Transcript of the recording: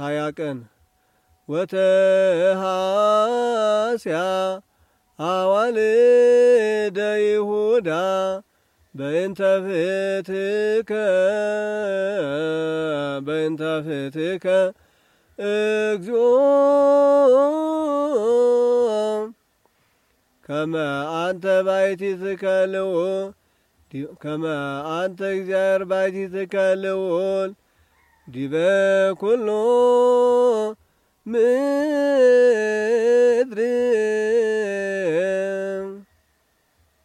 ሀያ ቀን ወተሃስያ አዋልደ ይሁዳ በእንተ ፍትከ በእንተ ፍትከ እግዚኦ ከመ አንተ ባይቲ ልዑል ከመ አንተ እግዚአብሔር ባይቲ ልዑል جبا كل مدري